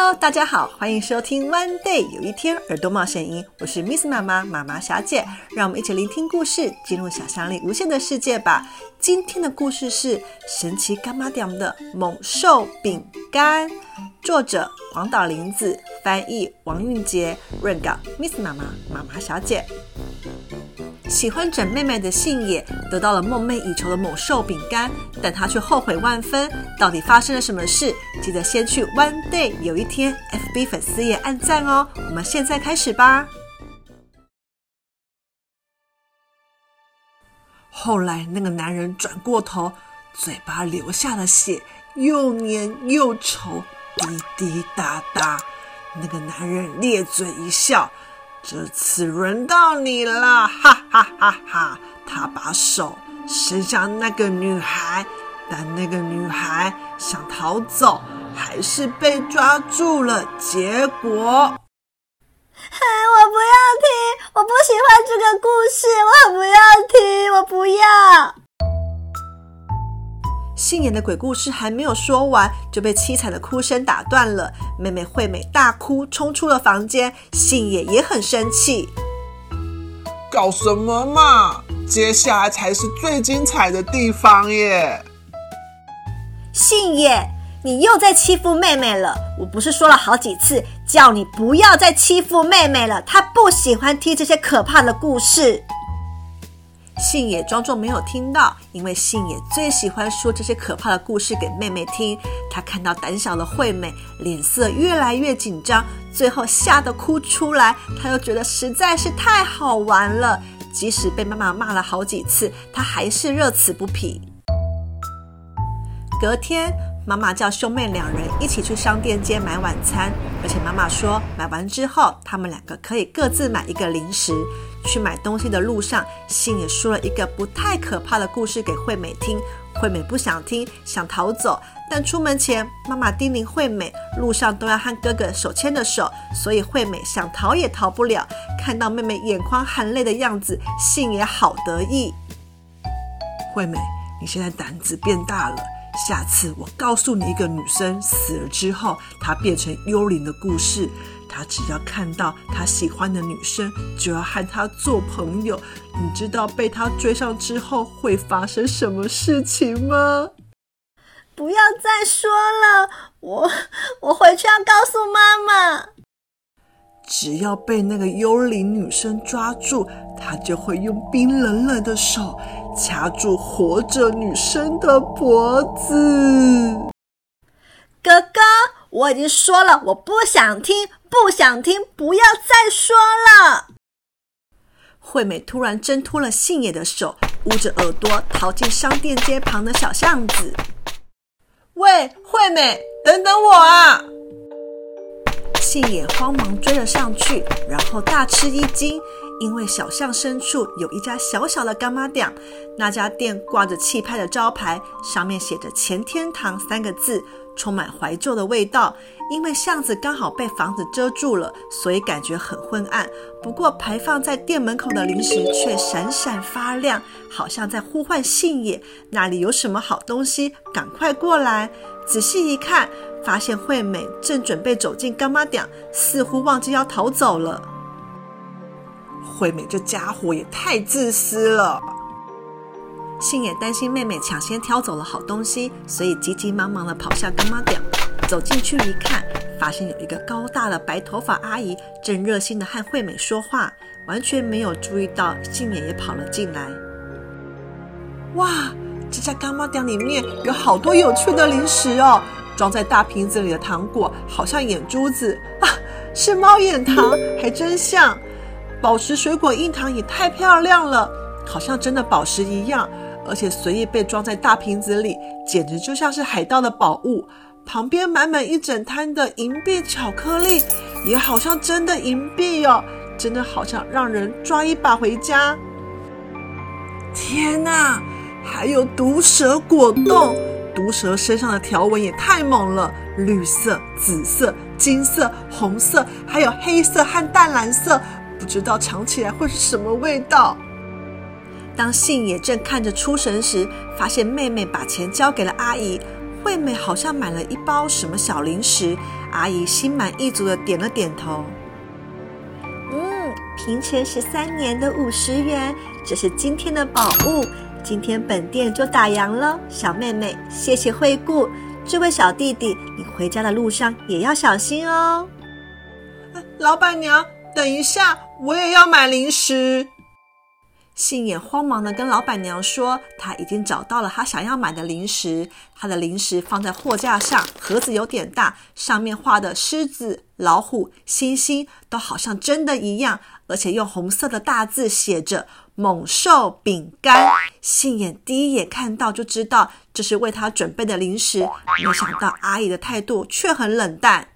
Hello，大家好，歡迎收聽《One Day》有一天耳朵冒險營，我是 Miss 媽媽媽媽小姐，讓我們一起聆聽故事，進入想象力無限的世界吧。今天的故事是《神奇柑仔店的猛獸餅乾》，作者廣島林子，翻譯王韻杰，潤稿 Miss 媽媽媽媽小姐。喜歡整妹妹的信也得到了夢寐以求的猛獸餅乾，但他卻後悔萬分。到底發生了什麼事？記得先去 One Day，有一天 FB 粉絲頁按讚哦。我們現在開始吧。後來那個男人轉過頭，嘴巴流下了血，又粘又稠，滴滴答答。那個男人咧嘴一笑。這次輪到你了，哈哈哈哈！他把手伸向那個女孩，但那個女孩想逃走，還是被抓住了。結果，嘿，我不要聽，我不喜歡這個故事，我很不要聽，我不要。信也的鬼故事還沒有說完，就被淒慘的哭聲打斷了。妹妹惠美大哭，衝出了房間。信也也很生氣，搞什麼嘛！接下來才是最精彩的地方耶！信也，你又在欺負妹妹了！我不是說了好幾次，叫你不要再欺負妹妹了。她不喜歡聽這些可怕的故事。信也裝作沒有聽到，因為信也最喜歡說這些可怕的故事給妹妹聽。他看到膽小的惠美臉色越來越緊張，最後嚇得哭出來。他又覺得實在是太好玩了，即使被媽媽罵了好幾次，他還是樂此不疲。隔天，媽媽叫兄妹兩人一起去商店街買晚餐。而且媽媽說，買完之後他們兩個可以各自買一個零食。去買東西的路上，信也說了一個不太可怕的故事給惠美聽。惠美不想聽，想逃走，但出門前媽媽叮嚀惠美，路上都要和哥哥手牽着手，所以惠美想逃也逃不了。看到妹妹眼眶含淚的樣子，信也好得意。惠美，你現在膽子變大了。下次我告訴你一個女生死了之後，她變成幽靈的故事。她只要看到她喜歡的女生，就要和她做朋友。你知道被她追上之後會發生什麼事情嗎？不要再說了，我我回去要告訴媽媽。只要被那個幽靈女生抓住，她就會用冰冷冷的手掐住活着女生的脖子。哥哥，我已經說了，我不想聽，不想聽，不要再說了。惠美突然掙脫了信也的手，捂着耳朵逃進商店街旁的小巷子。喂，惠美，等等我啊！信也慌忙追了上去，然後大吃一驚，因為小巷深處有一家小小的柑仔店。那家店掛着氣派的招牌，上面寫着“錢天堂”三個字，充滿懷舊的味道。因為巷子剛好被房子遮住了，所以感覺很昏暗。不過，排放在店門口的零食卻閃閃發亮，好像在呼喚信也：“那裡有什麼好東西？趕快過來！”仔細一看。發現惠美正準備走進柑仔店，似乎忘記要逃走了。惠美這家伙也太自私了。信也擔心妹妹搶先挑走了好東西，所以急急忙忙的跑下柑仔店。走進去一看，發現有一個高大的白頭髮阿姨正熱心的和惠美說話，完全沒有注意到信也也跑了進來。哇，這家柑仔店裡面有好多有趣的零食哦！裝在大瓶子裡的糖果好像眼珠子啊，是貓眼糖，還真像。寶石水果硬糖也太漂亮了，好像真的寶石一樣，而且隨意被裝在大瓶子裡，簡直就像是海盜的寶物。旁邊滿滿一整攤的銀幣巧克力，也好像真的銀幣喲，真的好像讓人抓一把回家。天哪，還有毒蛇果凍！毒蛇身上的條紋也太猛了，綠色、紫色、金色、紅色，還有黑色和淡藍色，不知道嘗起來會是什麼味道。當信也正看着出神時，發現妹妹把錢交給了阿姨，惠美好像買了一包什麼小零食，阿姨心滿意足的點了點頭。嗯，平成十三年的五十元，這是今天的寶物。今天本店就打烊了，小妹妹，謝謝惠顧。這位小弟弟，你回家的路上也要小心哦。老闆娘，等一下，我也要買零食。信也慌忙地跟老闆娘說：“他已經找到了他想要買的零食，他的零食放在貨架上，盒子有點大，上面畫的獅子、老虎、猩猩都好像真的一樣，而且用紅色的大字寫着‘猛獸餅乾’。信也第一眼看到就知道這是為他準備的零食，沒想到阿姨的態度卻很冷淡。”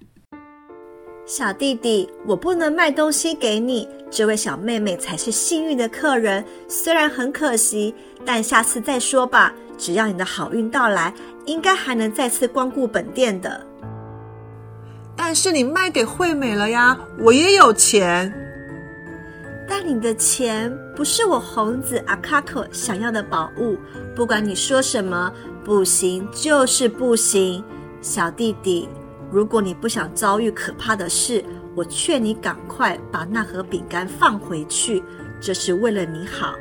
小弟弟，我不能賣東西給你。這位小妹妹才是幸運的客人，雖然很可惜，但下次再說吧。只要你的好運到來，應該還能再次光顧本店的。但是你賣給惠美了呀，我也有錢。但你的錢不是我紅子阿卡托想要的寶物。不管你說什麼，不行就是不行，小弟弟。如果你不想遭遇可怕的事，我勸你趕快把那盒餅乾放回去，這是為了你好。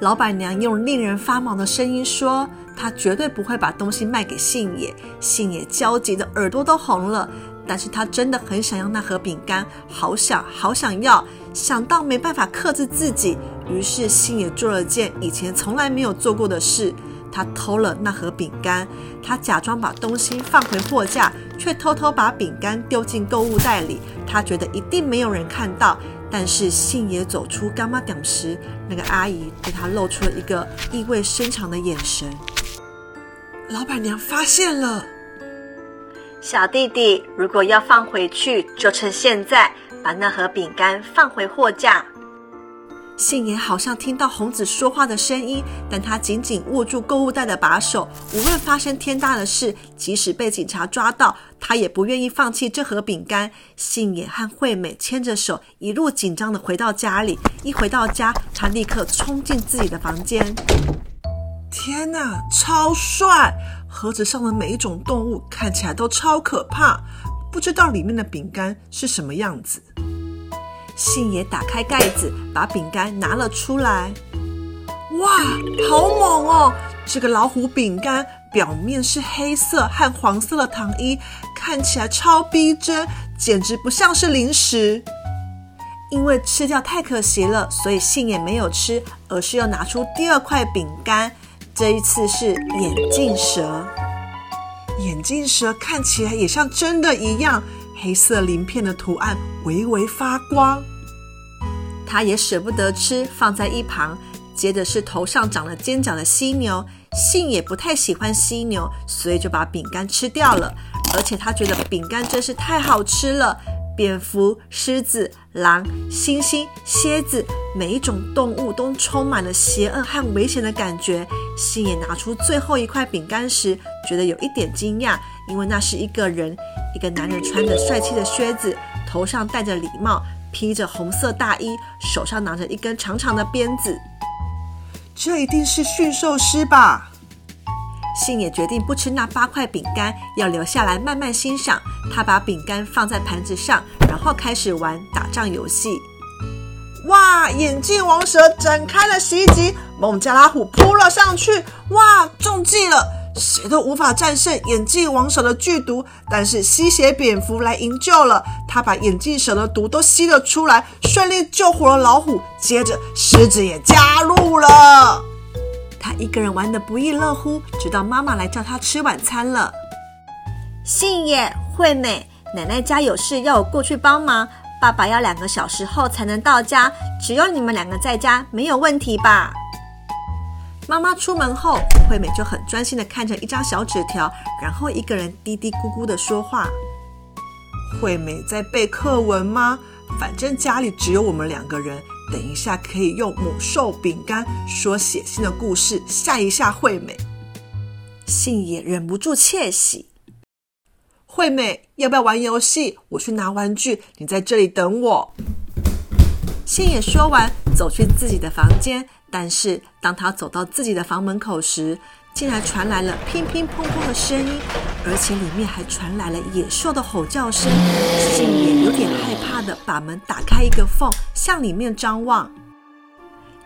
老闆娘用令人發毛的聲音說：“她絕對不會把東西賣給信也。”信也焦急得耳朵都紅了，但是他真的很想要那盒餅乾，好想好想要，想到沒辦法克制自己，於是信也做了件以前從來沒有做過的事。他偷了那盒餅乾，他假裝把東西放回貨架，卻偷偷把餅乾丟進購物袋裡。他覺得一定沒有人看到，但是信也走出柑仔店時，那個阿姨對他露出了一個意味深長的眼神。老闆娘發現了！小弟弟，如果要放回去，就趁現在把那盒餅乾放回貨架。信也好像聽到紅子說話的聲音，但他緊緊握住購物袋的把手。無論發生天大的事，即使被警察抓到，他也不願意放棄這盒餅乾。信也和惠美牽着手，一路緊張地回到家裡。一回到家，他立刻衝進自己的房間。天哪，超帥！盒子上的每一種動物看起來都超可怕，不知道裡面的餅乾是什麼樣子。信也打開蓋子，把餅乾拿了出來。哇，好猛哦！這個老虎餅乾表面是黑色和黃色的糖衣，看起來超逼真，簡直不像是零食。因為吃掉太可惜了，所以信也沒有吃，而是又拿出第二塊餅乾。這一次是眼鏡蛇，眼鏡蛇看起來也像真的一樣。黑色鱗片的圖案微微發光，他也捨不得吃，放在一旁。接着是頭上長了尖角的犀牛，信也不太喜歡犀牛，所以就把餅乾吃掉了。而且他覺得餅乾真是太好吃了。蝙蝠、獅子、狼、猩猩、蠍子，每一種動物都充滿了邪惡和危險的感覺。信也拿出最後一塊餅乾時，覺得有一點驚訝，因為那是一個人。一個男人穿着帥氣的靴子，頭上戴着禮帽，披着紅色大衣，手上拿着一根長長的鞭子。這一定是馴獸師吧？信也決定不吃那八塊餅乾，要留下來慢慢欣賞。他把餅乾放在盤子上，然後開始玩打仗遊戲。哇！眼鏡王蛇展開了襲擊，孟加拉虎撲了上去。哇！中計了！誰都無法戰勝眼鏡王蛇的劇毒，但是吸血蝙蝠來營救了。他把眼鏡蛇的毒都吸了出來，順利救活了老虎。接着，獅子也加入了。他一個人玩得不亦樂乎，直到媽媽來叫他吃晚餐了。信也、惠美，奶奶家有事要我過去幫忙。爸爸要兩個小時後才能到家，只有你們兩個在家，沒有問題吧？媽媽出門後，惠美就很專心的看着一張小紙條，然後一個人嘀嘀咕咕的說話。惠美在背課文嗎？反正家裡只有我們兩個人，等一下可以用猛獸餅乾說寫信的故事嚇一嚇惠美。信也忍不住竊喜。惠美，要不要玩遊戲？我去拿玩具，你在這裡等我。信也說完，走去自己的房間。但是當他走到自己的房門口時，竟然傳來了乒乒乓乓的聲音，而且裡面還傳來了野獸的吼叫聲。信也有點害怕的把門打開一個縫，向裡面張望。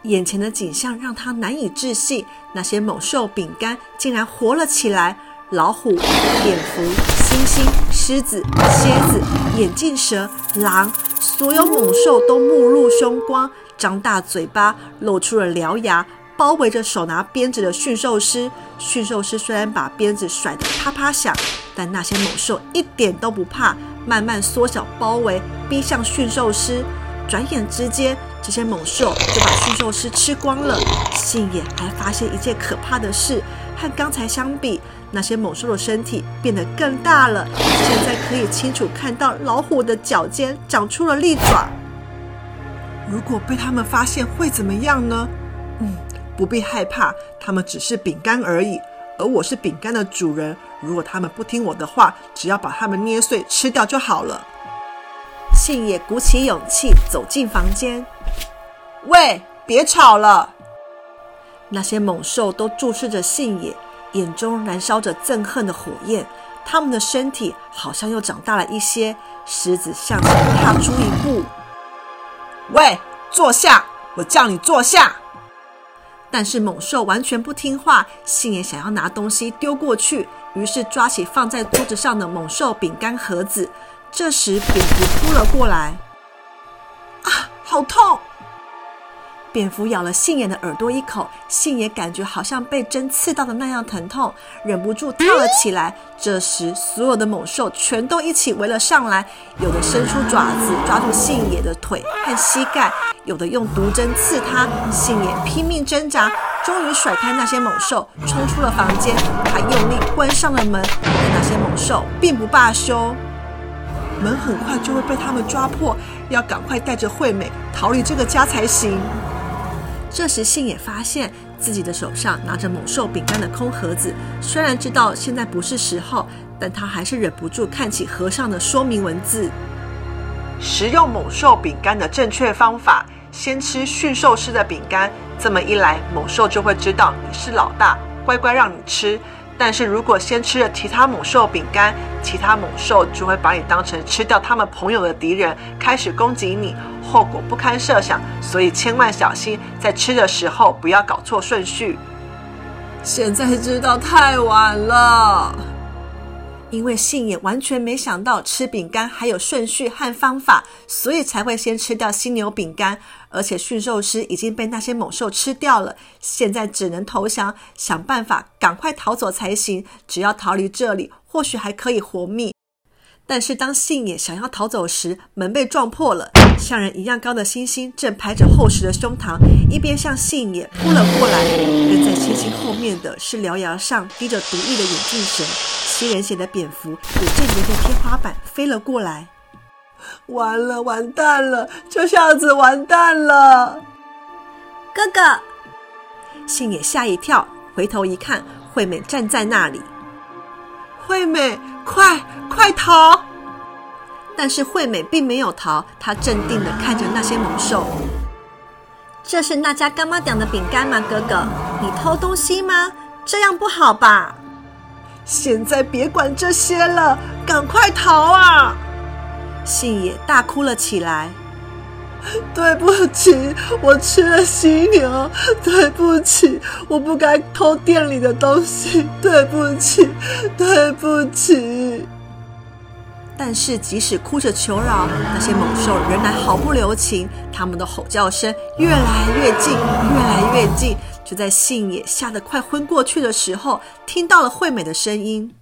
眼前的景象讓他難以置信，那些猛獸餅乾竟然活了起來：老虎、蝙蝠、猩猩、獅子、蠍子、眼鏡蛇、狼。所有猛獸都目露凶光，張大嘴巴露出了獠牙，包圍着手拿鞭子的馴獸師。馴獸師雖然把鞭子甩得啪啪響，但那些猛獸一點都不怕，慢慢縮小包圍，逼向馴獸師。轉眼之間，這些猛獸就把馴獸師吃光了。信也還發現一件可怕的事，和剛才相比。那些猛獸的身體變得更大了，現在可以清楚看到老虎的腳尖長出了利爪。如果被他們發現會怎麼樣呢？嗯，不必害怕，它們只是餅乾而已，而我是餅乾的主人。如果它們不聽我的話，只要把它們捏碎吃掉就好了。信也鼓起勇氣走進房間。喂，別吵了！那些猛獸都注視着信也。眼中燃燒着憎恨的火焰，他們的身體好像又長大了一些。獅子向前踏出一步，喂，坐下，我叫你坐下。但是猛獸完全不聽話，信也想要拿東西丟過去，於是抓起放在桌子上的猛獸餅乾盒子。這時，餅乾撲了過來，啊，好痛！蝙蝠咬了信也的耳朵一口，信也感覺好像被針刺到的那樣疼痛，忍不住跳了起來。這時，所有的猛獸全都一起圍了上來，有的伸出爪子抓住信也的腿和膝蓋，有的用毒針刺他。信也拼命掙扎，終於甩開那些猛獸，衝出了房間，他用力關上了門。但那些猛獸並不罷休，門很快就會被他們抓破，要趕快帶着惠美逃離這個家才行。這時，信也發現自己的手上拿着猛獸餅乾的空盒子。雖然知道現在不是時候，但他還是忍不住看起盒上的說明文字。食用猛獸餅乾的正確方法：先吃馴獸師的餅乾。這麼一來，猛獸就會知道你是老大，乖乖讓你吃。但是如果先吃了其他猛獸餅乾，其他猛獸就會把你當成吃掉他們朋友的敵人，開始攻擊你，後果不堪設想。所以千萬小心，在吃的時候不要搞錯順序。現在知道，太晚了。因為信也完全沒想到吃餅乾還有順序和方法，所以才會先吃掉犀牛餅乾。而且馴獸師已經被那些猛獸吃掉了，現在只能投降，想辦法趕快逃走才行。只要逃離這裡，或許還可以活命。但是當信也想要逃走時，門被撞破了，像人一樣高的猩猩正拍着厚實的胸膛，一邊向信也撲了過來。跟在猩猩後面的是獠牙上滴着毒液的眼鏡蛇。黑人寫的蝙蝠也正沿着天花板飛了過來。完了，完蛋了，這下子完蛋了。哥哥，信也嚇一跳，回頭一看，惠美站在那裡。惠美，快快逃！但是惠美並沒有逃，她鎮定的看着那些猛獸。這是那家柑仔店的餅乾嗎？哥哥，你偷東西嗎？這樣不好吧？現在別管這些了，趕快逃啊！信也大哭了起來：“對不起，我吃了犀牛。對不起，我不該偷店裡的東西。對不起，對不起。”但是即使哭着求饒，那些猛獸仍然毫不留情。他們的吼叫聲越來越近，越來越近。就在信也嚇得快昏過去的時候，聽到了惠美的聲音：“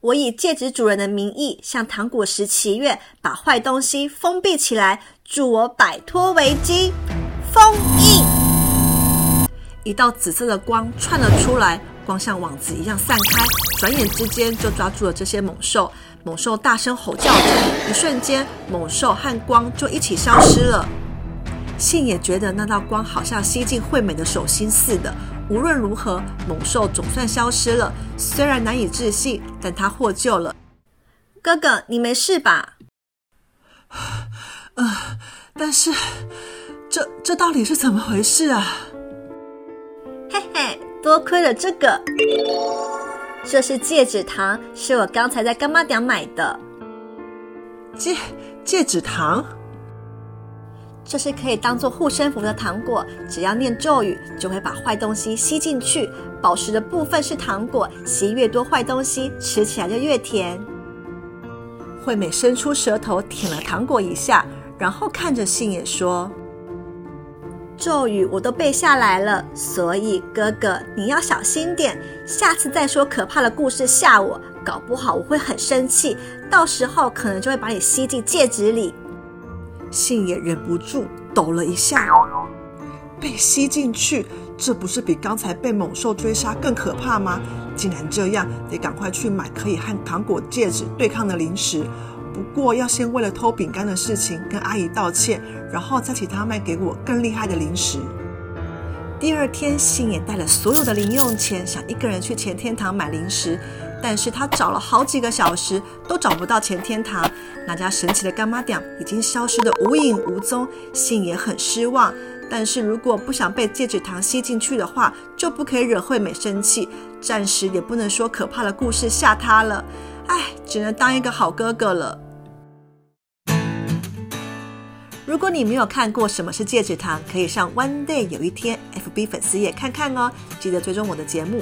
我以戒指主人的名義向糖果石祈願，把壞東西封閉起來，助我擺脫危機。”封印，一道紫色的光竄了出來，光像網子一樣散開，轉眼之間就抓住了這些猛獸。猛獸大聲吼叫着，一瞬間，猛獸和光就一起消失了。信也覺得那道光好像吸進惠美的手心似的。無論如何，猛獸總算消失了。雖然難以置信，但他獲救了。哥哥，你沒事吧？嗯、呃，但是這這到底是怎麼回事啊？嘿嘿，多虧了這個，這是戒指糖，是我剛才在柑仔店買的。戒戒指糖？這是可以當做護身符的糖果，只要念咒語，就會把壞東西吸進去。寶石的部分是糖果，吸越多壞東西，吃起來就越甜。惠美伸出舌頭舔了糖果一下，然後看着信也說：“咒語我都背下來了，所以哥哥你要小心點。下次再說可怕的故事嚇我，搞不好我會很生氣，到時候可能就會把你吸進戒指裡。”信也忍不住抖了一下，被吸進去，這不是比剛才被猛獸追殺更可怕嗎？竟然這樣，得趕快去買可以和糖果戒指對抗的零食。不過要先為了偷餅乾的事情跟阿姨道歉，然後再請她賣給我更厲害的零食。第二天，信也帶了所有的零用錢，想一個人去錢天堂買零食，但是他找了好幾個小時，都找不到錢天堂那家神奇的柑仔店，已經消失得無影無蹤。信也很失望，但是如果不想被戒指糖吸進去的話，就不可以惹惠美生氣，暫時也不能說可怕的故事嚇她了，哎，只能當一個好哥哥了。如果你沒有看過什麼是戒指糖，可以上 One Day 有一天 FB 粉絲頁看看哦。記得追蹤我的節目。